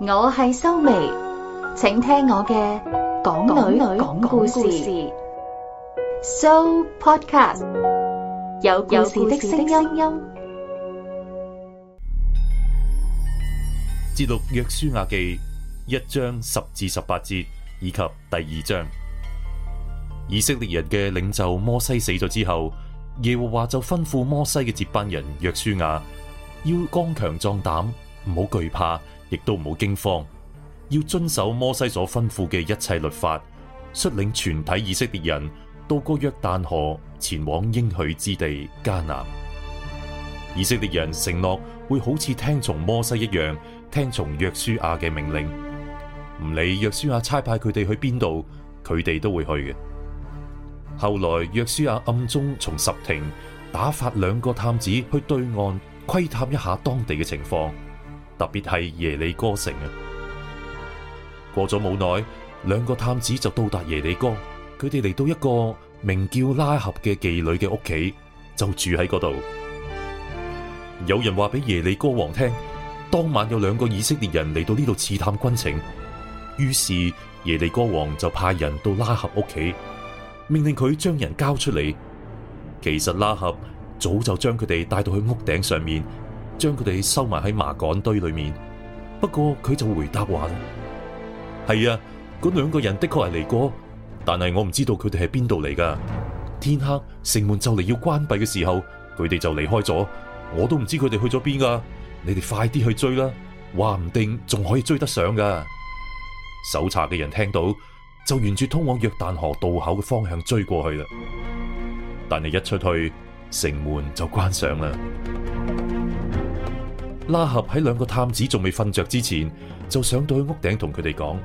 我係修眉，請聽我嘅港女女講故事。So podcast 有故事的聲音。節錄約書亞記一章十至十八節以及第二章。以色列人嘅領袖摩西死咗之後，耶和華就吩咐摩西嘅接班人約書亞要剛強壯膽，唔好懼怕。亦都冇驚慌，要遵守摩西所吩咐嘅一切律法，率領全體以色列人渡過約旦河，前往應許之地迦南。以色列人承諾會好似聽從摩西一樣，聽從約書亞嘅命令，唔理約書亞差派佢哋去邊度，佢哋都會去嘅。後來約書亞暗中從什亭打發兩個探子去對岸窺探一下當地嘅情況。特別係耶利哥城啊！過咗冇耐，兩個探子就到達耶利哥，佢哋嚟到一個名叫拉合嘅妓女嘅屋企，就住喺嗰度。有人話俾耶利哥王聽，當晚有兩個以色列人嚟到呢度刺探軍情，於是耶利哥王就派人到拉合屋企，命令佢將人交出嚟。其實拉合早就將佢哋帶到去屋頂上面，將佢哋收埋喺麻桿堆裏面。不過佢就回答話：係啊，嗰兩個人的確係嚟過，但係我唔知道佢哋係邊度嚟噶。天黑，城門就嚟要關閉嘅時候，佢哋就離開咗，我都唔知佢哋去咗邊噶。你哋快啲去追啦，話唔定仲可以追得上噶。搜查嘅人聽到，就沿住通往約旦河渡口嘅方向追過去啦。但係一出去，城門就關上啦。拉合喺兩個探子仲未瞓着之前，就上到去屋頂同佢哋講：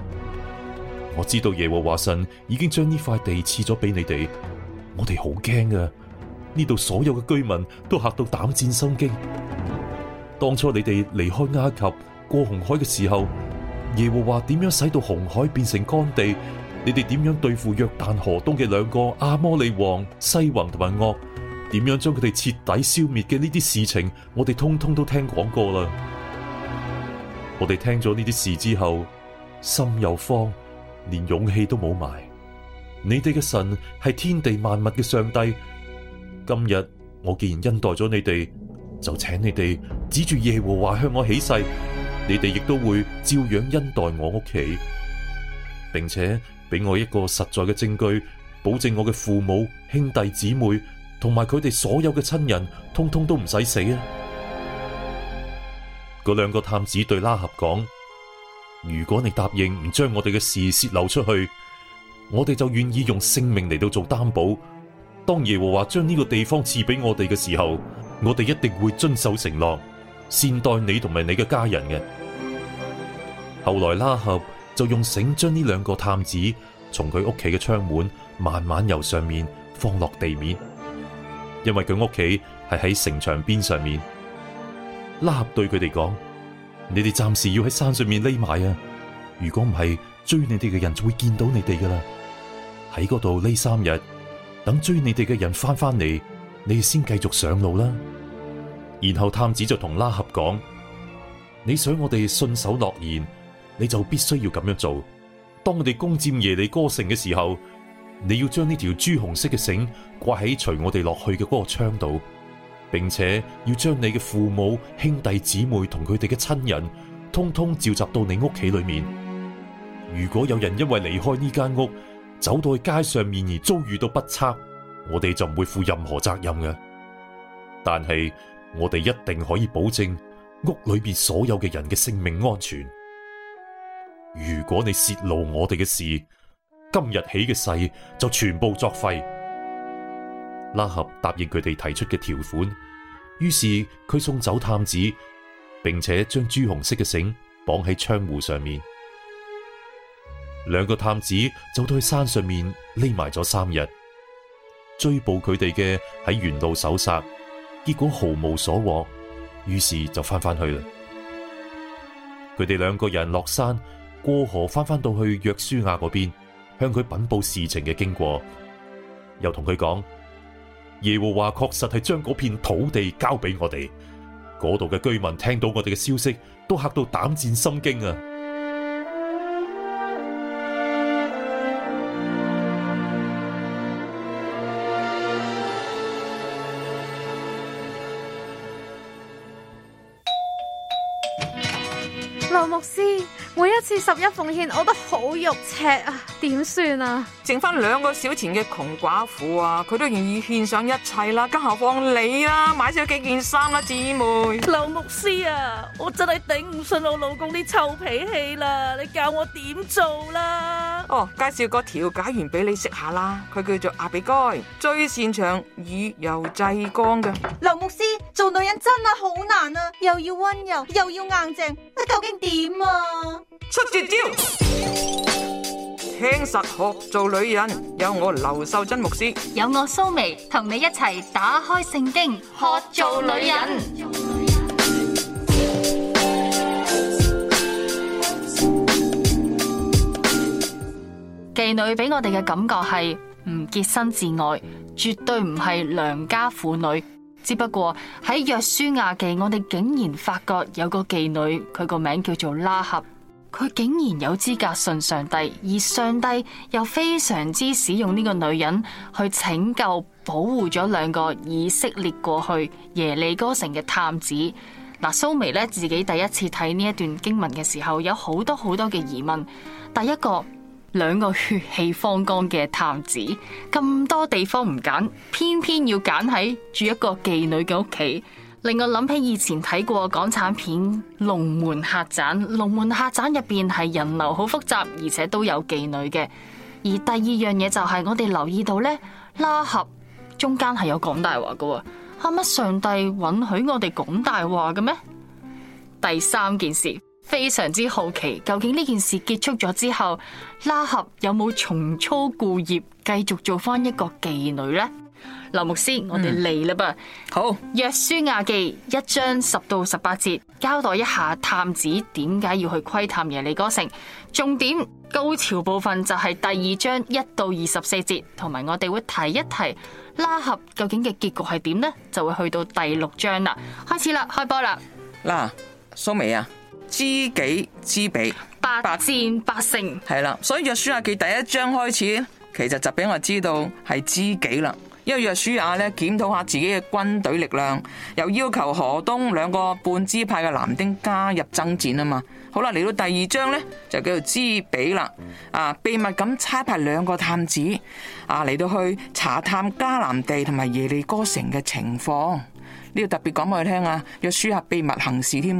我知道耶和華神已經將呢塊地賜咗俾你哋，我哋好驚啊！呢度所有嘅居民都嚇到膽戰心驚。當初你哋離開埃及過紅海嘅時候，耶和華點樣使到紅海變成乾地？你哋點樣對付約旦河東嘅兩個阿摩利王西宏同埋惡？點樣將佢哋徹底消滅嘅呢啲事情，我哋通通都聽講過啦。我哋聽咗呢啲事之後，心有慌，連勇氣都冇埋。你哋嘅神係天地萬物嘅上帝。今日我既然恩待咗你哋，就請你哋指住耶和華向我起誓，你哋亦都會照樣恩待我屋企，並且俾我一個實在嘅證據，保證我嘅父母、兄弟、姊妹。同埋佢哋所有嘅親人，通通都唔使死啊！嗰兩個探子對拉合講：如果你答應唔將我哋嘅事洩漏出去，我哋就願意用性命嚟到做擔保。當耶和華將呢個地方賜俾我哋嘅時候，我哋一定會遵守承諾，善待你同埋你嘅家人嘅。後來拉合就用繩將呢兩個探子從佢屋企嘅窗門慢慢由上面放落地面。因為佢屋企係喺城牆邊上面，拉合對佢哋講：，你哋暫時要喺山上面匿埋啊！如果唔係，追你哋嘅人就會見到你哋㗎喇。喺嗰度匿三日，等追你哋嘅人翻返嚟，你哋先繼續上路啦。然後探子就同拉合講：，你想我哋信守諾言，你就必須要咁樣做。當我哋攻佔耶利哥城嘅時候。你要將呢條朱紅色嘅繩掛喺隨我哋落去嘅嗰個窗度，並且要將你嘅父母、兄弟、姊妹同佢哋嘅親人，通通召集到你屋企裏面。如果有人因為離開呢間屋，走到去街上面而遭遇到不測，我哋就唔會負任何責任嘅。但係我哋一定可以保證屋裏邊所有嘅人嘅性命安全。如果你洩露我哋嘅事，今日起嘅誓就全部作廢。拉合答應佢哋提出嘅條款，於是佢送走探子，並且將朱紅色嘅繩綁喺窗戶上面。兩個探子走到去山上面匿埋咗三日，追捕佢哋嘅喺沿路搜殺，結果毫無所獲，於是就翻返去啦。佢哋兩個人落山過河，翻返到去約書亞嗰邊。向佢稟報事情嘅經過，又同佢講耶和華確實係將嗰片土地交俾我哋，嗰度嘅居民聽到我哋嘅消息，都嚇到膽戰心驚啊！羅牧師。每一次十一奉獻，我都好肉赤啊，點算啊？剩翻兩個小錢嘅窮寡婦啊，佢都願意獻上一切啦，更何況你啦，買少幾件衫啦，姊妹。劉牧師啊，我真係頂唔順我老公啲臭脾氣啦，你教我點做啦？哦，介紹個調解員俾你識下啦，佢叫做阿比哥，最擅長以柔制剛嘅。劉牧師，做女人真係好難啊，又要溫柔又要硬淨，你究竟點啊？出絕招，聽實學做女人，有我劉秀珍牧師，有我蘇眉，同你一齊打開聖經學做女人。女人，妓女俾我哋嘅感覺係唔潔身自愛，絕對唔係良家婦女。只不過喺約書亞記，我哋竟然發覺有個妓女，佢個名叫做拉合。佢竟然有資格信上帝，而上帝又非常之使用呢個女人去拯救、保護咗兩個以色列過去耶利哥城嘅探子。嗱，蘇眉咧自己第一次睇呢一段經文嘅時候，有好多好多嘅疑問。第一個，兩個血氣方剛嘅探子，咁多地方唔揀，偏偏要揀喺住一個妓女嘅屋企。令我諗起以前睇過港產片《龍門客棧》，龍門客棧入邊係人流好複雜，而且都有妓女嘅。而第二樣嘢就係我哋留意到呢，拉合中間係有講大話㗎，係咪上帝允許我哋講大話嘅咩？第三件事非常之好奇，究竟呢件事結束咗之後，拉合有冇重操故業，繼續做翻一個妓女呢？劉牧師，嗯、我哋嚟啦噃。好，約書亞記一章十到十八節，交代一下探子點解要去窺探耶利哥城。重點高潮部分就係第二章一到二十四節，同埋我哋會提一提拉合究竟嘅結局係點呢？就會去到第六章啦。開始啦，開波啦。嗱、啊，蘇美啊，知己知彼，百戰百勝。係啦，所以約書亞記第一章開始，其實就俾我知道係知己啦。因為約書亞咧檢討下自己嘅軍隊力量，又要求河東兩個半支派嘅男丁加入爭戰啊嘛。好啦，嚟到第二章呢，就叫做知彼啦，啊，秘密咁差派兩個探子啊嚟到去查探迦南地同埋耶利哥城嘅情況。呢度特別講俾佢聽啊，約書亞秘密行事添。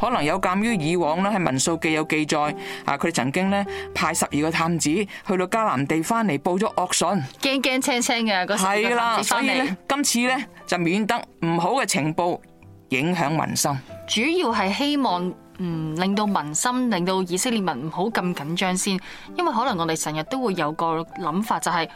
可能有鑑於以往啦，喺《民數記》有記載，啊，佢曾經咧派十二個探子去到迦南地翻嚟報咗惡訊，驚驚青青嘅嗰時。係啦，所以咧今次咧就免得唔好嘅情報影響民心，主要係希望嗯令到民心，令到以色列民唔好咁緊張先，因為可能我哋成日都會有個諗法就係。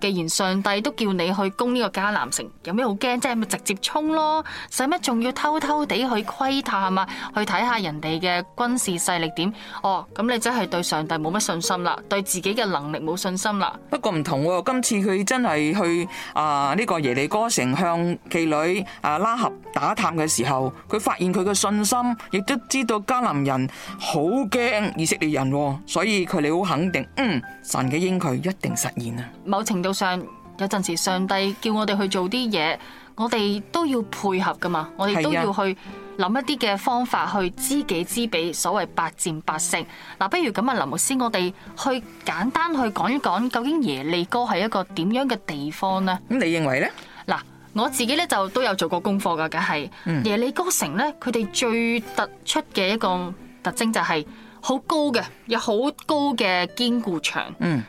既然上帝都叫你去攻呢個迦南城，有咩好驚？啫，咪直接衝咯？使乜仲要偷偷哋去窺探啊？去睇下人哋嘅軍事勢力點？哦，咁你真係對上帝冇乜信心啦，對自己嘅能力冇信心啦。不過唔同，今次佢真係去啊呢個耶利哥城向妓女啊拉合打探嘅時候，佢發現佢嘅信心，亦都知道迦南人好驚以色列人，所以佢哋好肯定，嗯，神嘅應許一定實現啊。某程度。上有上有陣時，上帝叫我哋去做啲嘢，我哋都要配合噶嘛。我哋都要去諗一啲嘅方法去知己知彼，所謂百戰百勝。嗱，不如咁啊，林牧師，我哋去簡單去講一講，究竟耶利哥係一個點樣嘅地方呢？咁你認為呢？嗱、啊，我自己咧就都有做過功課噶，梗係耶利哥城咧，佢哋最突出嘅一個特徵就係好高嘅，有好高嘅堅固牆。嗯。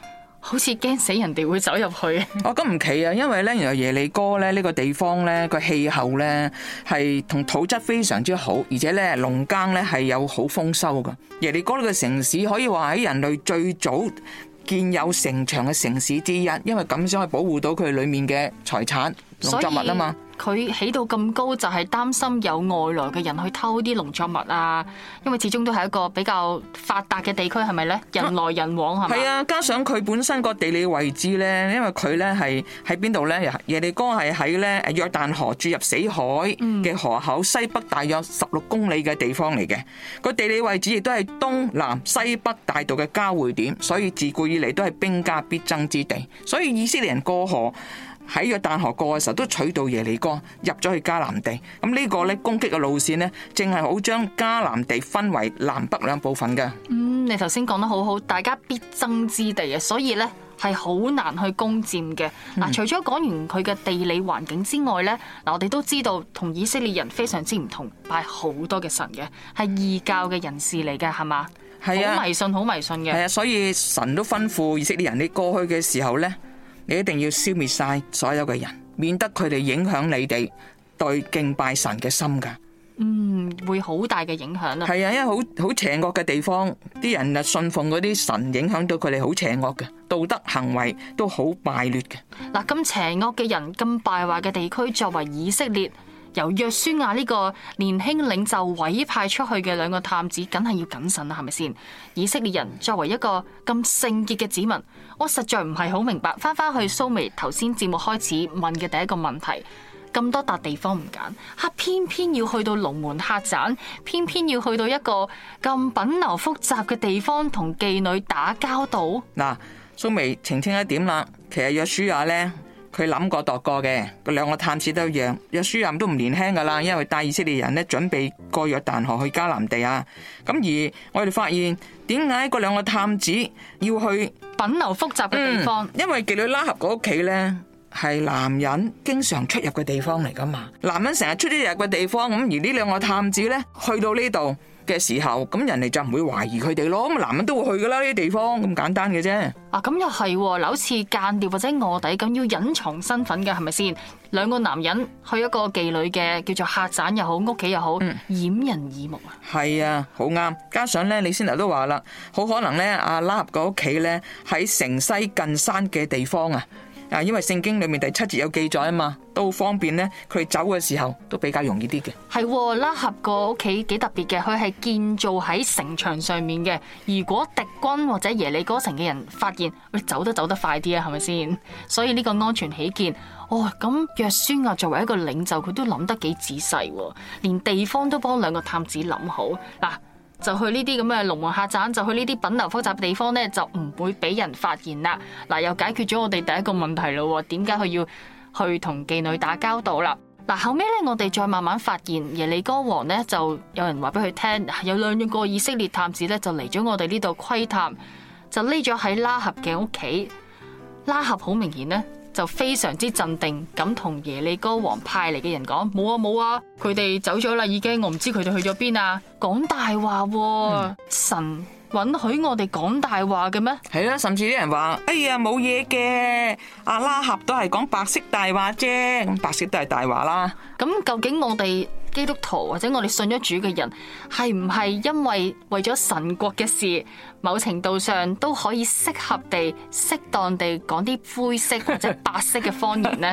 好似驚死人哋會走入去。我咁唔奇啊，因為咧，原來耶利哥咧呢個地方咧，個氣候咧係同土質非常之好，而且咧農耕咧係有好豐收噶。耶利哥呢個城市可以話喺人類最早建有城牆嘅城市之一，因為咁先可以保護到佢裏面嘅財產農作物啊嘛。佢起到咁高就係、是、擔心有外來嘅人去偷啲農作物啊，因為始終都係一個比較發達嘅地區，係咪呢？人來人往係嘛？係啊，加上佢本身個地理位置呢，因為佢呢係喺邊度呢？耶利哥係喺呢約旦河注入死海嘅河口、嗯、西北大約十六公里嘅地方嚟嘅，個地理位置亦都係東南西北大道嘅交匯點，所以自古以嚟都係兵家必爭之地，所以以色列人過河。喺約旦河過嘅時候都取到耶利哥，入咗去迦南地。咁呢個咧攻擊嘅路線呢，正係好將迦南地分為南北兩部分嘅。嗯，你頭先講得好好，大家必爭之地啊，所以咧係好難去攻佔嘅。嗱、嗯，除咗講完佢嘅地理環境之外咧，嗱我哋都知道同以色列人非常之唔同，拜好多嘅神嘅，係異教嘅人士嚟嘅，係嘛、嗯？係吧啊。好迷信，好迷信嘅。係啊，所以神都吩咐以色列人，你過去嘅時候咧。你一定要消滅晒所有嘅人，免得佢哋影響你哋對敬拜神嘅心㗎。嗯，會好大嘅影響啊。係啊，因為好好邪惡嘅地方，啲人啊信奉嗰啲神，影響到佢哋好邪惡嘅道德行為，都好敗劣嘅。嗱，咁邪惡嘅人，咁敗壞嘅地區，作為以色列。由約書亞呢個年輕領袖委派出去嘅兩個探子，梗係要謹慎啦，係咪先？以色列人作為一個咁聖潔嘅子民，我實在唔係好明白，翻返去蘇眉頭先節目開始問嘅第一個問題，咁多笪地方唔揀，吓偏偏要去到龍門客棧，偏偏要去到一個咁品流複雜嘅地方同妓女打交道。嗱，蘇眉澄清一點啦，其實約書亞呢。佢諗過度過嘅，個兩個探子都一樣。約書亞都唔年輕噶啦，因為帶以色列人咧準備過約但河去迦南地啊。咁而我哋發現點解個兩個探子要去品流複雜嘅地方？嗯，因為妓女拉合個屋企咧係男人經常出入嘅地方嚟噶嘛，男人成日出出入嘅地方，咁而呢兩個探子咧去到呢度嘅時候，咁人哋就唔會懷疑佢哋咯。咁男人都會去噶啦，呢啲地方咁簡單嘅啫、嗯。啊，咁又係，嗱，好似間諜或者卧底咁，要隱藏身份嘅係咪先？兩個男人去一個妓女嘅叫做客棧又好，屋企又好，掩人耳目啊。係啊，好啱。加上咧，你先頭都話啦，好可能咧，阿拉合個屋企咧喺城西近山嘅地方啊。啊，因為聖經裏面第七節有記載啊嘛，都方便咧，佢走嘅時候都比較容易啲嘅。係、啊、拉合個屋企幾特別嘅，佢係建造喺城牆上面嘅。如果敵軍或者耶利哥城嘅人發現，喂，走都走得快啲啊，係咪先？所以呢個安全起見，哦，咁約書亞作為一個領袖，佢都諗得幾仔細，連地方都幫兩個探子諗好嗱。就去呢啲咁嘅龍門客棧，就去呢啲品流複雜嘅地方呢，就唔會俾人發現啦。嗱，又解決咗我哋第一個問題啦。點解佢要去同妓女打交道啦。嗱，後尾呢，我哋再慢慢發現耶利哥王呢，就有人話俾佢聽，有兩兩個以色列探子呢，就嚟咗我哋呢度窺探，就匿咗喺拉合嘅屋企。拉合好明顯呢。就非常之鎮定，咁同耶利哥王派嚟嘅人講：冇啊冇啊，佢哋、啊、走咗啦，已經我唔知佢哋去咗邊啊！講大話，嗯、神允許我哋講大話嘅咩？係啦，甚至啲人話：哎呀，冇嘢嘅，阿拉合都係講白色大話啫，白色都係大話啦。咁究竟我哋，基督徒或者我哋信咗主嘅人，係唔係因為為咗神國嘅事，某程度上都可以適合地、適當地講啲灰色或者白色嘅謊言呢？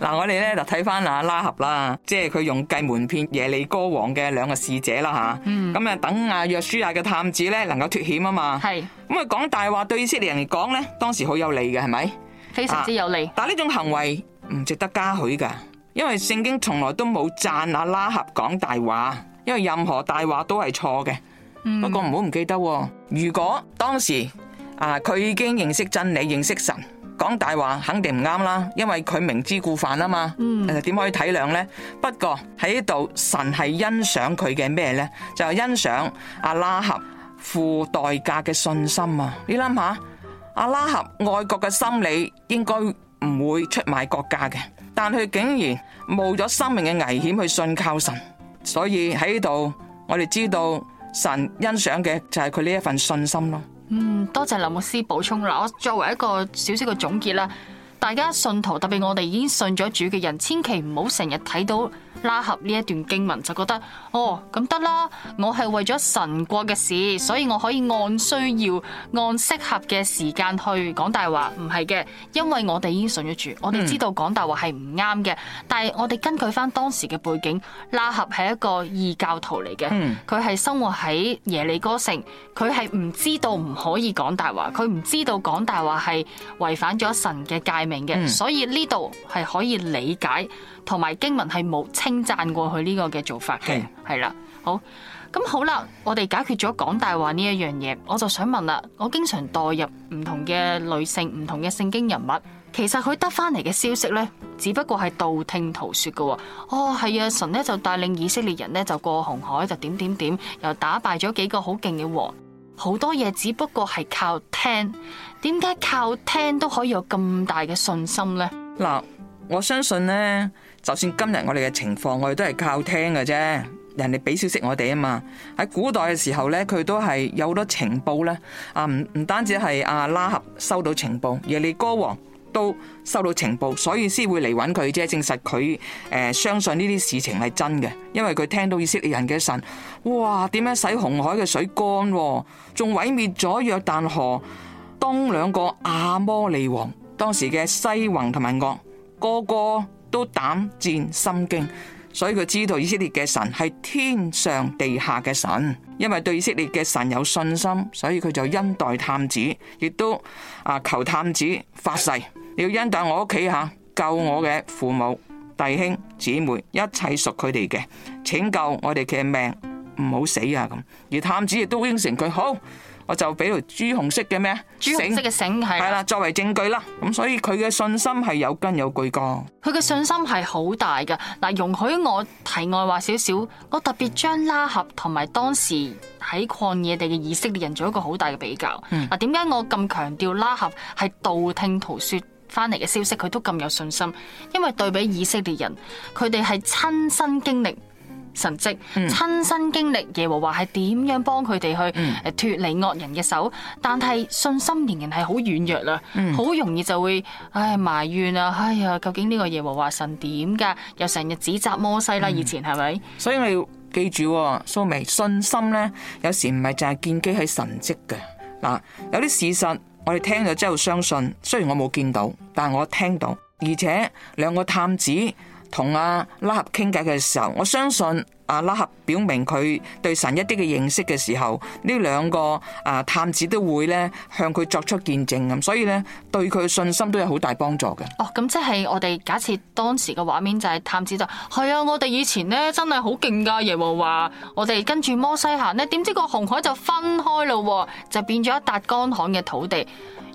嗱、 啊，我哋咧就睇翻啊拉合啦，即係佢用計瞞騙耶利哥王嘅兩個使者啦吓，咁啊、嗯、等阿、啊、約書亞、啊、嘅探子咧能夠脫險啊嘛，係咁啊講大話對以色列人嚟講咧，當時好有利嘅係咪？非常之有利。啊、但呢種行為唔值得嘉許噶。因為聖經從來都冇讚阿拉合講大話，因為任何大話都係錯嘅。不過唔好唔記得，如果當時啊佢已經認識真理、認識神，講大話肯定唔啱啦，因為佢明知故犯啊嘛。點可以體諒呢？不過喺呢度，神係欣賞佢嘅咩呢？就係欣賞阿拉合付代價嘅信心啊！你諗下，阿拉合愛國嘅心理應該唔會出賣國家嘅。但佢竟然冒咗生命嘅危險去信靠神，所以喺度我哋知道神欣賞嘅就係佢呢一份信心咯。嗯，多謝林牧師補充啦。我作為一個小小嘅總結啦，大家信徒特別我哋已經信咗主嘅人，千祈唔好成日睇到。拉合呢一段經文就覺得哦，咁得啦，我係為咗神國嘅事，所以我可以按需要、按適合嘅時間去講大話。唔係嘅，因為我哋已經信咗主，我哋知道講大話係唔啱嘅。嗯、但係我哋根據返當時嘅背景，拉合係一個異教徒嚟嘅，佢係、嗯、生活喺耶利哥城，佢係唔知道唔可以講大話，佢唔知道講大話係違反咗神嘅誡命嘅，嗯、所以呢度係可以理解。同埋經文係冇稱讚過佢呢個嘅做法嘅，係啦是，好，咁好啦，我哋解決咗講大話呢一樣嘢，我就想問啦，我經常代入唔同嘅女性、嗯、唔同嘅聖經人物，其實佢得翻嚟嘅消息呢，只不過係道聽途說嘅喎。哦，係啊，神呢就帶領以色列人呢，就過紅海，就點點點，又打敗咗幾個好勁嘅王，好多嘢只不過係靠聽。點解靠聽都可以有咁大嘅信心呢？嗱，我相信呢。就算今日我哋嘅情況，我哋都係靠聽嘅啫。人哋俾消息我哋啊嘛。喺古代嘅時候咧，佢都係有好多情報咧。啊，唔唔單止係啊拉合收到情報，耶利哥王都收到情報，所以先會嚟搵佢啫。證實佢誒相信呢啲事情係真嘅，因為佢聽到以色列人嘅神哇，點樣使紅海嘅水乾，仲毀滅咗約旦河東兩個亞摩利王。當時嘅西宏同埋噩嗰個。都膽戰心驚，所以佢知道以色列嘅神係天上地下嘅神，因為對以色列嘅神有信心，所以佢就恩待探子，亦都啊求探子發誓，你要恩待我屋企吓，救我嘅父母弟兄姊妹，一切屬佢哋嘅，拯救我哋嘅命，唔好死啊！咁而探子亦都應承佢好。我就俾條朱紅色嘅咩？朱紅色嘅繩係係啦，作為證據啦。咁所以佢嘅信心係有根有據噶。佢嘅信心係好大噶。嗱，容許我題外話少少。我特別將拉合同埋當時喺曠野地嘅以色列人做一個好大嘅比較。嗱、嗯，點解我咁強調拉合係道聽途說翻嚟嘅消息，佢都咁有信心？因為對比以色列人，佢哋係親身經歷。神蹟親身經歷耶和華係點樣幫佢哋去誒脫離惡人嘅手，嗯、但係信心仍然係好軟弱啦，啊，好、嗯、容易就會唉埋怨啊，哎呀，究竟呢個耶和華神點噶？又成日指責摩西啦，啊，以前係咪？嗯、是是所以你要記住，啊，蘇眉信心呢，有時唔係淨係建基喺神蹟嘅嗱，有啲事實我哋聽咗之後相信，雖然我冇見到，但我聽到，而且兩個探子，同阿拉合傾偈嘅時候，我相信阿拉合表明佢對神一啲嘅認識嘅時候，呢兩個啊探子都會咧向佢作出見證。咁所以咧對佢信心都有好大幫助嘅。哦，咁即係我哋假設當時嘅畫面就係探子就係啊，我哋以前咧真係好勁噶，耶和華，我哋跟住摩西行咧，點知個紅海就分開咯，就變咗一笪乾旱嘅土地。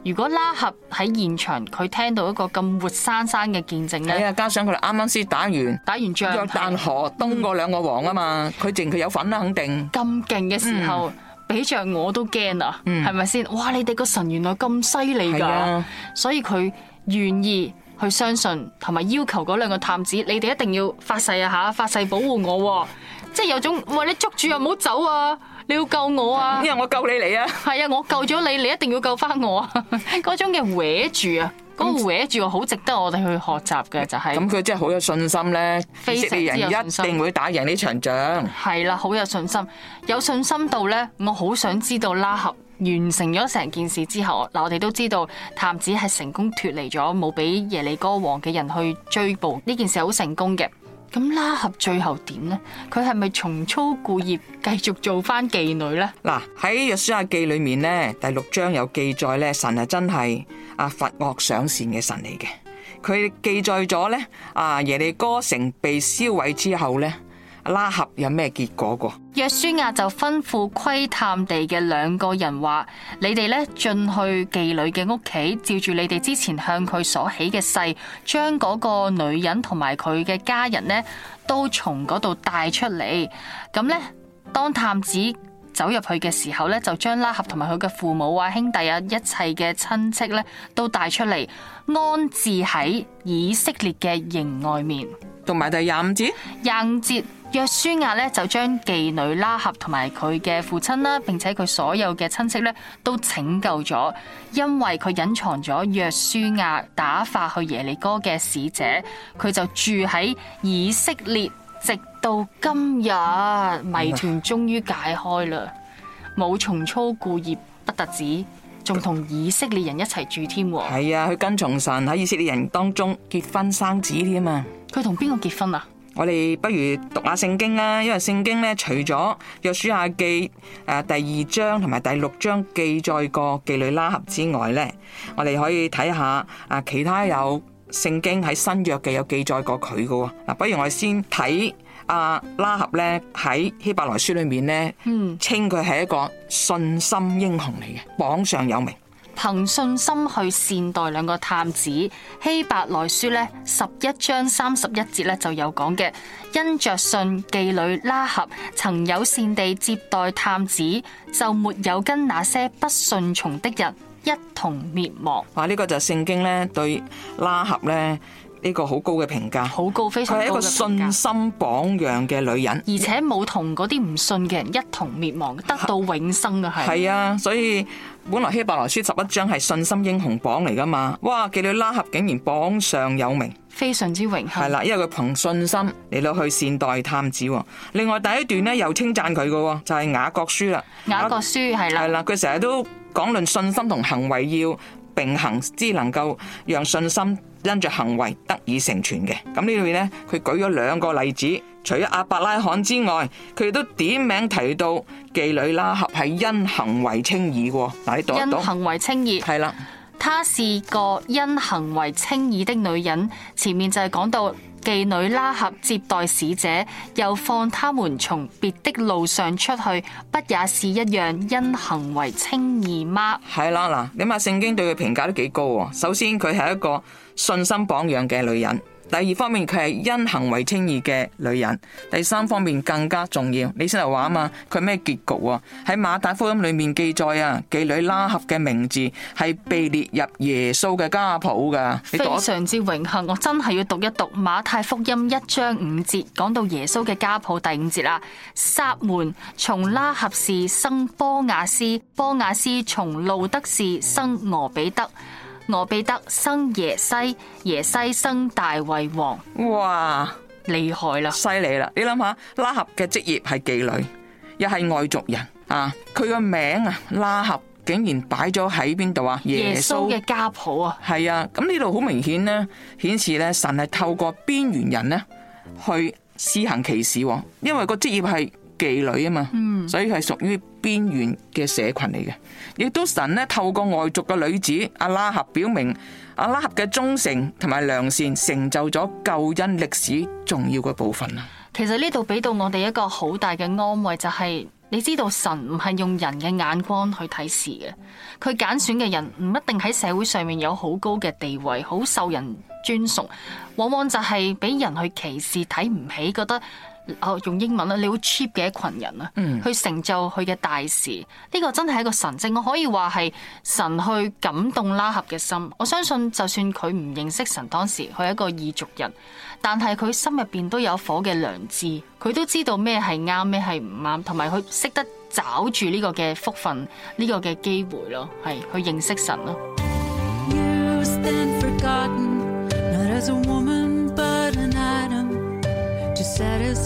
如果拉合喺現場，佢聽到一個咁活生生嘅見證咧，係啊、哎，加上佢哋啱啱先打完打完仗，若但河東嗰、嗯、兩個王啊嘛，佢淨佢有份啦、啊，肯定咁勁嘅時候，比着、嗯、我都驚啊，係咪先？哇！你哋個神原來咁犀利㗎，啊、所以佢願意去相信同埋要求嗰兩個探子，你哋一定要發誓啊嚇，發誓保護我、啊，即係有種喂你捉住又唔好走啊！你要救我啊！因為我救你嚟啊！係啊，我救咗你，你一定要救翻我啊！嗰 種嘅搲住啊，嗰、嗯、個搲住好值得我哋去學習嘅就係、是。咁佢真係好有信心咧，以色列人一定會打贏呢場仗。係啦，好、啊、有信心，有信心到咧，我好想知道拉合完成咗成件事之後，嗱，我哋都知道探子係成功脫離咗，冇俾耶利哥王嘅人去追捕，呢件事好成功嘅。咁拉合最後點呢？佢係咪重操故業，繼續做翻妓女呢？嗱，喺《約書亞記》裏面呢，第六章有記載呢，神係真係啊罰惡賞善嘅神嚟嘅，佢記載咗呢啊耶利哥城被燒毀之後呢。」拉合有咩結果個？約書亞就吩咐窺探地嘅兩個人話：你哋咧進去妓女嘅屋企，照住你哋之前向佢所起嘅誓，將嗰個女人同埋佢嘅家人咧，都從嗰度帶出嚟。咁咧，當探子走入去嘅時候咧，就將拉合同埋佢嘅父母啊、兄弟啊、一切嘅親戚咧，都帶出嚟安置喺以色列嘅營外面。同埋第廿五節，廿五節。約書亞咧就將妓女拉合同埋佢嘅父親啦，並且佢所有嘅親戚咧都拯救咗，因為佢隱藏咗約書亞打發去耶利哥嘅使者，佢就住喺以色列，直到今日謎團終於解開啦！冇重操故業不特止，仲同以色列人一齊住添。係啊，佢跟從神喺以色列人當中結婚生子添啊！佢同邊個結婚啊？我哋不如讀下聖經啦，因為聖經咧除咗約書亞記誒第二章同埋第六章記載過妓女拉合之外咧，我哋可以睇下啊其他有聖經喺新約記有記載過佢嘅。嗱，不如我哋先睇阿拉合咧喺希伯來書裏面咧，稱佢係一個信心英雄嚟嘅，榜上有名。憑信心去善待兩個探子。希伯來書咧十一章三十一節咧就有講嘅，因着信妓女拉合曾有善地接待探子，就沒有跟那些不順從的人一同滅亡。哇！呢、這個就係聖經咧對拉合咧呢個好高嘅評價，好高，非常。佢係一個信心榜樣嘅女人，而且冇同嗰啲唔信嘅人一同滅亡，得到永生嘅係。係啊，啊，所以。本來希伯來書十一章係信心英雄榜嚟噶嘛，哇，記到拉合竟然榜上有名，非常之榮幸。係啦，因為佢憑信心嚟到去善待探子。另外第一段咧又稱讚佢嘅，就係雅各書啦。雅各書係啦，係啦，佢成日都講論信心同行為要並行之能夠讓信心因着行為得以成全嘅。咁呢裏邊咧，佢舉咗兩個例子，除咗阿伯拉罕之外，佢亦都點名提到妓女拉合係因行為稱義。嗱，你讀因行為稱義。係啦了，她是個因行為稱義的女人。前面就係講到。妓女拉合接待使者，又放他們從別的路上出去，不也是一樣因行為稱義嗎？係啦，嗱，點解聖經對佢評價都幾高啊？首先，佢係一個信心榜樣嘅女人。第二方面，佢係因行為稱義嘅女人，第三方面更加重要。你先嚟話啊嘛，佢咩結局啊？喺馬、馬太福音裏面記載啊，妓女拉合嘅名字係被列入耶穌嘅家譜噶。非常之榮幸，我真係要讀一讀馬太福音一章五節，講到耶穌嘅家譜第五節啦。撒門從拉合氏生波雅斯，波雅斯從路得氏生俄比德。俄比德生耶西，耶西生大衛王。哇，厲害啦，犀利啦！你諗下，拉合嘅職業係妓女，又係外族人啊！佢個名的啊，拉合竟然擺咗喺邊度啊？耶穌嘅家譜啊，係啊！咁呢度好明顯咧，顯示咧神係透過邊緣人咧去施行奇事，因為個職業係妓女啊嘛，嗯，所以係屬於。邊緣嘅社群嚟嘅，亦都神呢透過外族嘅女子阿拉合表明阿拉合嘅忠誠同埋良善，成就咗救恩歷史重要嘅部分啊！其實呢度俾到我哋一個好大嘅安慰，就是，就係你知道神唔係用人嘅眼光去睇事嘅，佢揀選嘅人唔一定喺社會上面有好高嘅地位，好受人尊崇，往往就係俾人去歧視、睇唔起，覺得。哦，用英文啦！你好 cheap 嘅一群人啊，去成就佢嘅大事，呢個真係一個神蹟。我可以話係神去感動拉合嘅心。我相信就算佢唔認識神，當時佢係一個異族人，但係佢心入邊都有火嘅良知，佢都知道咩係啱，咩係唔啱，同埋佢識得找住呢個嘅福分，呢個嘅機會咯，係去認識神咯。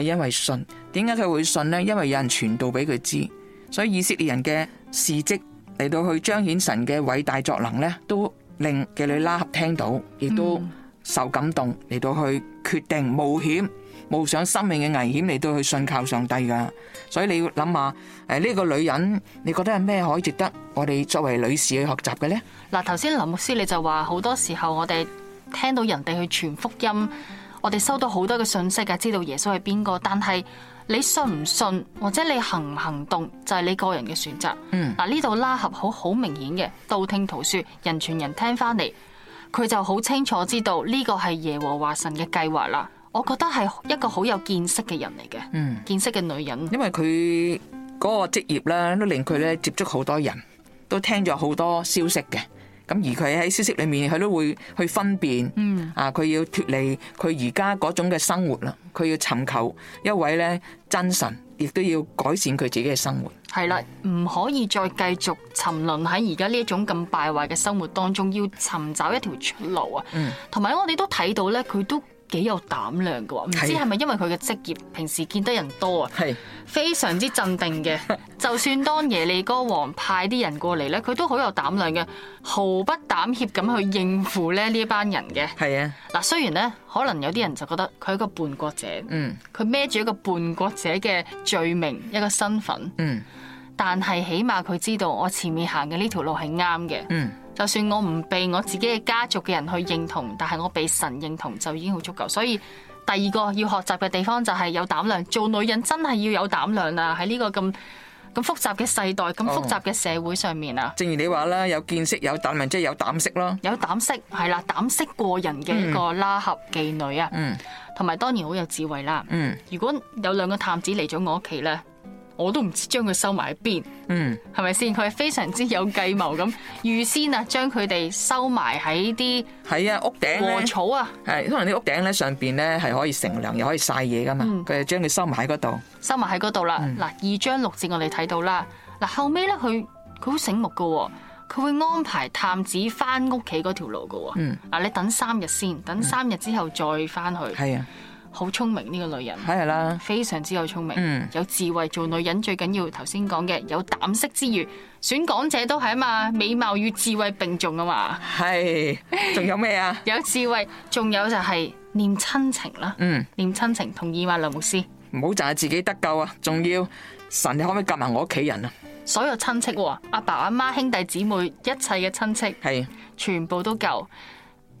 係因為信，點解佢會信呢？因為有人傳道俾佢知，所以以色列人嘅事跡嚟到去彰顯神嘅偉大作能呢，都令嘅女喇合聽到，亦都受感動嚟到去決定冒險冒上生命嘅危險嚟到去信靠上帝噶。所以你要諗下，誒呢個女人，你覺得係咩可以值得我哋作為女士去學習嘅呢？嗱，頭先林牧師你就話好多時候我哋聽到人哋去傳福音。我哋收到好多嘅信息嘅，知道耶穌係邊個，但係你信唔信或者你行唔行動，就係、是、你個人嘅選擇。嗱，嗯，呢度拉合好好明顯嘅，道聽途說，人傳人聽翻嚟，佢就好清楚知道呢，這個係耶和華神嘅計劃啦。我覺得係一個好有見識嘅人嚟嘅，嗯，見識嘅女人，因為佢嗰個職業咧都令佢咧接觸好多人，都聽咗好多消息嘅。咁而佢喺消息裏面，佢都會去分辨，啊，佢要脫離佢而家嗰種嘅生活啦，佢要尋求一位咧真神，亦都要改善佢自己嘅生活。係啦，唔可以再繼續沉淪喺而家呢一種咁敗壞嘅生活當中，要尋找一條出路啊！嗯，同埋我哋都睇到咧，佢都。幾有膽量嘅喎，唔知係咪因為佢嘅職業，的平時見得人多啊，的非常之鎮定嘅。 就算當耶利哥王派啲人過嚟咧，佢都好有膽量嘅，毫不膽怯咁去應付咧呢一班人嘅。係啊的，嗱，雖然咧可能有啲人就覺得佢係個叛國者，嗯，佢孭住一個叛國者嘅罪名一個身份，嗯，但係起碼佢知道我前面行嘅呢條路係啱嘅，嗯。就算我唔被我自己嘅家族嘅人去認同，但係我被神認同就已經好足夠。所以第二個要學習嘅地方就係有膽量。做女人真係要有膽量啊！喺呢個咁咁複雜嘅世代，咁、哦、複雜嘅社會上面啊。正如你話啦，有見識、有膽量，即係有膽識咯。有膽識係啦，膽識過人嘅一個拉合妓女啊，同埋、嗯嗯、當然好有智慧啦。嗯、如果有兩個探子嚟咗我屋企咧。我都唔知將佢收埋喺邊，嗯，係咪先？佢係非常之有計謀咁，預先啊將佢哋收埋喺啲，係啊屋頂禾草啊，係，可能啲屋頂咧上邊咧係可以乘涼又可以曬嘢噶嘛，佢、嗯、就將佢收埋喺嗰度，收埋喺嗰度啦。嗱、嗯，二章六節我哋睇到啦。嗱，後尾咧佢佢好醒目噶，佢會安排探子翻屋企嗰條路噶。嗱、嗯，你等三日先，等三日之後再翻去。係、嗯、啊。好聰明呢，這個女人，係啦的，非常之有聰明，嗯、有智慧。做女人最緊要，頭先講嘅有膽識之餘，選港姐都係啊嘛，美貌與智慧並重啊嘛。係，仲有咩啊？ 有智慧，仲有就係念親情啦。嗯，念親情同意嘛，梁牧師。唔好淨係自己得救啊，仲要神，你可唔可以夾埋我屋企人啊？所有親戚，阿爸阿媽、兄弟姊妹、一切嘅親戚，係的全部都夠。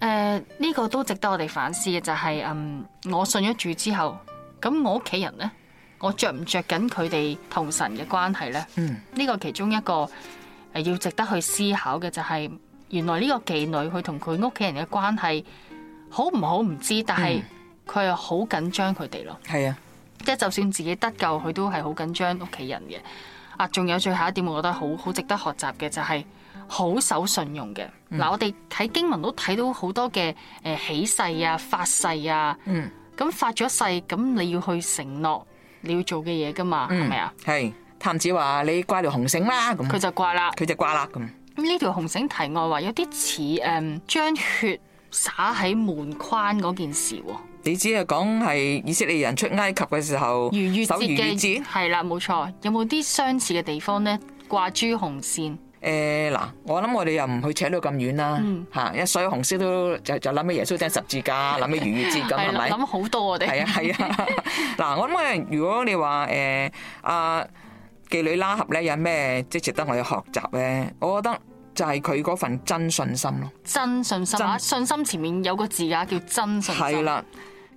誒，呢、呃這個都值得我哋反思嘅，就係、是、嗯，我信咗主之後，咁我屋企人呢，我着唔着緊佢哋同神嘅關係呢？嗯，呢個其中一個要值得去思考嘅就係，原來呢個妓女佢同佢屋企人嘅關係好唔好唔知道，但係佢又好緊張佢哋咯。係啊、嗯，即係就算自己得救，佢都係好緊張屋企人嘅。啊，仲有最後一點，我覺得好好值得學習嘅就係、是。好守信用嘅嗱，嗯、我哋喺經文都睇到好多嘅誒起誓啊、發誓啊，咁發咗誓咁你要去承諾你要做嘅嘢噶嘛，係咪啊？係吧，探子話你掛條紅繩啦，咁佢就掛啦，佢就掛啦咁。咁呢條紅繩題外話有啲似誒將血灑喺門框嗰件事喎。你只係，講係以色列人出埃及嘅時候守逾越節，係啦，冇錯。有冇啲相似嘅地方咧？掛珠紅線。誒，嗱、呃，我諗我哋又唔去扯到咁遠啦，吓、嗯，因為所有紅色都就就諗起耶穌釘十字架，諗的起逾越節，咁係咪？諗好的的多我哋的。係啊係啊，嗱，我諗如果你話誒阿妓女拉合咧有咩即係值得我哋學習咧？我覺得就係佢嗰份真信心咯，真信心真、啊。信心前面有個字啊，叫真信心。係啦，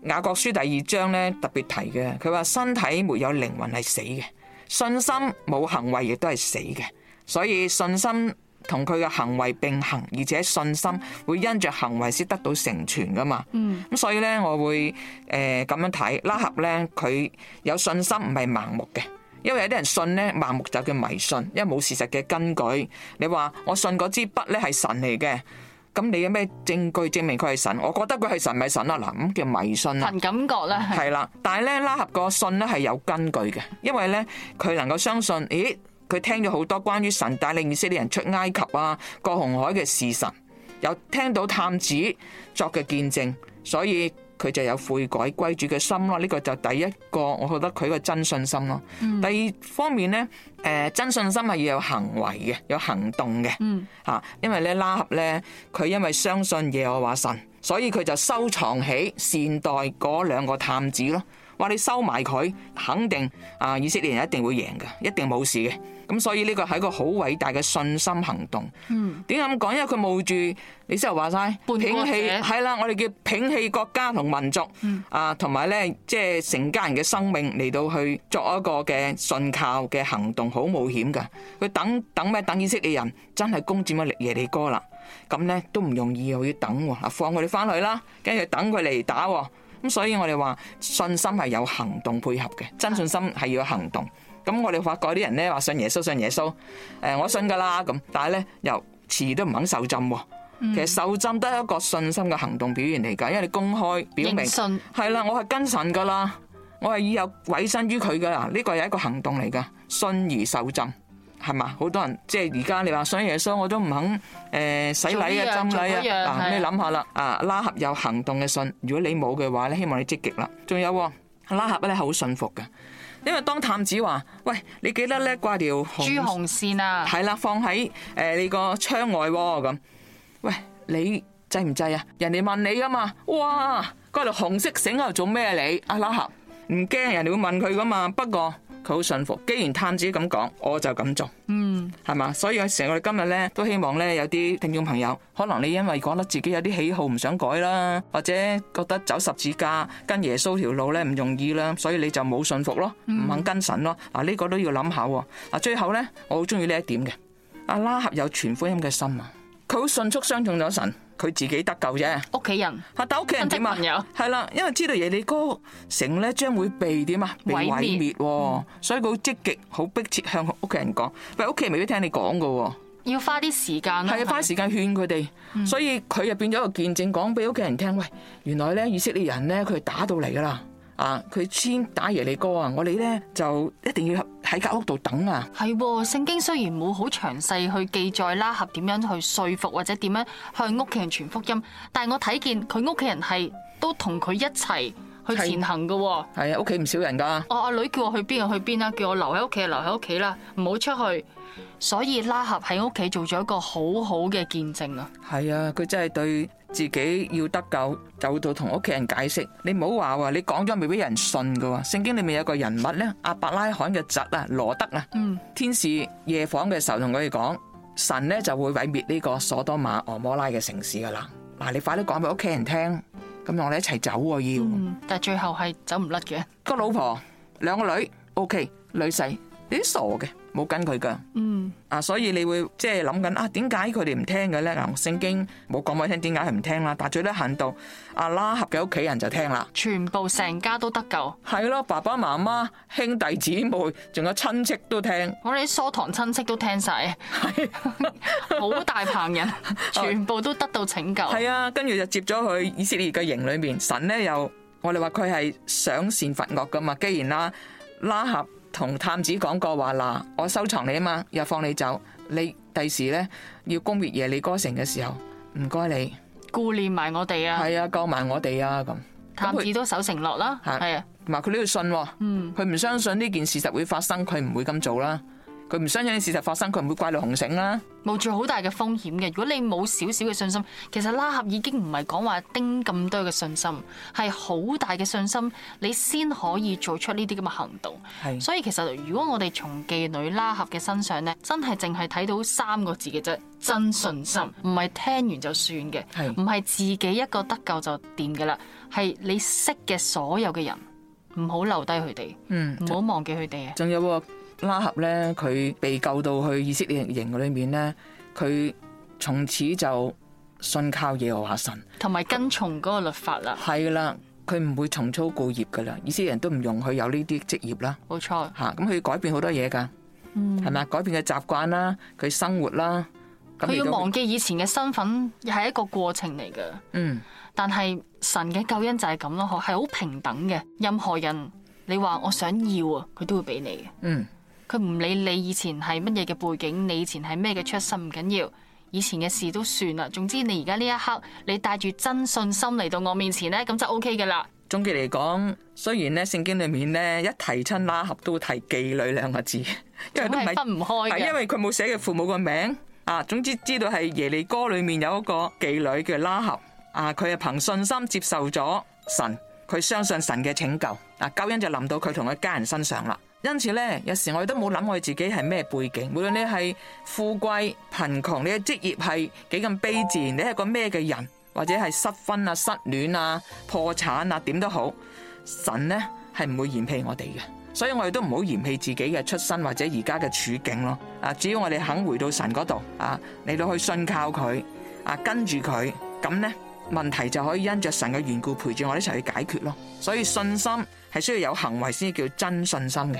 《雅各書》第二章咧特別提嘅，佢話身體沒有靈魂係死嘅，信心冇行為亦都係死嘅。所以信心同佢嘅行為並行，而且信心會因着行為先得到成全噶嘛。咁、嗯、所以咧，我會誒咁、呃、樣睇拉合咧，佢有信心唔係盲目嘅，因為有啲人信咧盲目就叫迷信，因為冇事實嘅根據。你話我信嗰支筆咧係神嚟嘅，咁你有咩證據證明佢係神？我覺得佢係神咪神啦、啊，嗱咁叫迷信啊。憑感覺啦，係啦。但係咧拉合個信咧係有根據嘅，因為咧佢能夠相信，咦？佢聽咗好多關於神帶領以色列人出埃及啊、過紅海嘅事實，又聽到探子作嘅見證，所以佢就有悔改歸主嘅心咯。呢、這個就是第一個，我覺得佢個真信心咯。第二方面咧，誒真信心係要有行為嘅，有行動嘅嚇。因為咧拉合咧，佢因為相信耶和華神，所以佢就收藏起善待嗰兩個探子咯。我哋收埋佢，肯定啊以色列人一定會贏嘅，一定冇事嘅。咁所以呢個係一個好偉大嘅信心行動。嗯，點解咁講？因為佢冒住，你之後話晒，摒棄係啦，我哋叫摒棄國家同民族，啊，同埋咧即係成家人嘅生命嚟到去作一個嘅信靠嘅行動，好冒險噶。佢等等咩？等以色列人真係攻佔咗耶利哥啦，咁咧都唔容易，又要等。啊，放佢哋翻去啦，跟住等佢嚟打。咁所以我哋話信心係有行動配合嘅，真信心係要行動。咁我哋發覺啲人咧話信耶穌，信耶穌，誒我信噶啦咁，但係咧又遲都唔肯受浸。其實受浸都係一個信心嘅行動表現嚟噶，因為你公開表明係啦信，我係跟神噶啦，我係有委身於佢噶啦，呢、這個係一個行動嚟噶，信而受浸。係嘛，好多人即係而家你話想耶穌，我都唔肯誒、呃、洗禮啊、浸禮啊，啊，你諗下啦，啊拉合有行動嘅信，如果你冇嘅話咧，希望你積極啦。仲有拉合咧，係好信服噶，因為當探子話喂，你記得咧掛條朱紅綫啊，係啦，放喺誒你個窗外咁。喂，你制唔制啊？人哋問你噶嘛，哇，嗰條紅色繩喺度做咩啊？你阿拉合唔驚人哋會問佢噶嘛？不過。佢好信服，既然探子咁講，我就咁做，係嘛，嗯？所以有時我哋今日咧都希望咧有啲聽眾朋友，可能你因為覺得自己有啲喜好唔想改啦，或者覺得走十字架跟耶穌條路咧唔容易啦，所以你就冇信服咯，唔肯跟神咯，嗱呢，嗯啊，這個都要諗下喎，啊。最後咧，我好中意呢一點嘅，阿拉合有全福音嘅心啊，佢好迅速相中咗神。佢自己得救啫，屋企人吓，但屋企人點呀？係啦，因為知道耶利哥城咧將會被點啊？被毀滅，嗯、所以佢好積極好迫切向屋企人講，喂，屋企人未必聽你講噶，要花啲時間，係要花時間勸佢哋，的所以佢又變咗一個見證，講俾屋企人聽，喂，原來咧以色列人咧佢打到嚟噶啦。啊！佢先打耶利哥啊！我哋咧就一定要喺間屋度等啊，啊！係，聖經雖然冇好詳細去記載喇合點樣去說服或者點樣向屋企人傳福音，但係我睇見佢屋企人係都同佢一齊。去前行嘅係啊，屋企唔少人噶。我阿女叫我去邊就去邊啦，叫我留喺屋企就留喺屋企啦，唔好出去。所以拉合喺屋企做咗一個好好嘅見證啊！係啊，佢真係對自己要得救，就到同屋企人解釋。你唔好話話你講咗未俾人信噶。聖經裏面有個人物咧，亞伯拉罕嘅侄啊，羅得啊，天使夜訪嘅時候同佢哋講，神咧就會毀滅呢個所多瑪、俄摩拉嘅城市噶啦。嗱，你快啲講俾屋企人聽。咁我哋一齊走喎、啊，要、嗯，但係最後係走唔甩嘅，個老婆，兩個女，OK，女婿，你都傻嘅。冇跟佢噶，啊、嗯，所以你會即係諗緊啊，點解佢哋唔聽嘅咧？嗱，聖經冇講俾我聽，點解佢唔聽啦？但最得行到阿、啊、拉合嘅屋企人就聽啦，全部成家都得救。係咯，爸爸媽媽、兄弟姊妹，仲有親戚都聽。我哋啲疏堂親戚都聽曬，啊、 好大棚人，全部都得到拯救。係啊，跟住就接咗去以色列嘅營裏面。神咧又，我哋話佢係賞善罰惡噶嘛，既然啦、啊，拉合。同探子講過話嗱，我收藏你啊嘛，又放你走。你第時咧要攻滅耶利哥城嘅時候，唔該你顧念埋我哋啊，係啊，救埋我哋啊咁。探子都守承諾啦，係啊，同埋佢呢度信，嗯，佢唔相信呢件事實會發生，佢唔會咁做啦。佢唔相信啲事實發生，佢唔會怪怒紅繩啦、啊。冒住好大嘅風險嘅，如果你冇少少嘅信心，其實拉合已經唔係講話一丁咁多嘅信心，係好大嘅信心，你先可以做出呢啲咁嘅行動。是所以其實如果我哋從妓女拉合嘅身上咧，真係淨係睇到三個字嘅啫，真信心，唔係聽完就算嘅，唔係是自己一個得救就掂嘅啦，係你識嘅所有嘅人，唔好留低佢哋，唔好、嗯、忘記佢哋啊，仲有。拉合咧，佢被救到去以色列營裏面咧，佢從此就信靠耶和華神，同埋跟從嗰個律法啦。係啦，佢 唔樂會重操故業噶啦，以色列人都唔容許有呢啲職業啦。冇錯錯，吓咁佢要改變好多嘢噶，係咪？嗯，改變嘅習慣啦，佢生活啦，佢要忘記以前嘅身份，係一個過程嚟嘅。嗯，但係神嘅救恩就係咁咯，係好平等嘅。任何人，你話我想要啊，佢都會俾你嘅。嗯。佢唔理你以前係乜嘢嘅背景，你以前係咩嘅出身唔緊要，以前嘅事都算啦。總之你而家呢一刻，你帶住真信心嚟到我面前咧，咁就 OK 噶啦。總結嚟講，雖然咧聖經裏面咧一提親拉合都提妓女兩個字，都係分唔開，因為佢冇寫嘅父母個名啊。總之知道係耶利哥裏面有一個妓女嘅拉合啊，佢係憑信心接受咗神，佢相信神嘅拯救啊，救恩就臨到佢同佢家人身上啦。因此咧，有時我哋都冇諗我自己係咩背景，無論你係富貴貧窮，你嘅職業係幾咁卑賤，你係個咩嘅人，或者係失婚啊、失戀啊、破產啊，點都好，神呢係唔會嫌棄我哋嘅，所以我哋都唔好嫌棄自己嘅出身或者而家嘅處境咯。啊，只要我哋肯回到神嗰度啊，你都可以去信靠佢啊，跟住佢，咁呢問題就可以因着神嘅緣故陪住我哋一齊去解決咯。所以信心係需要有行為先至叫真信心嘅。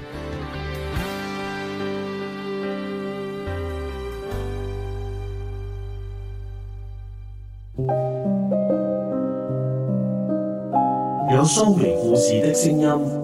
有蘇眉故事的聲音。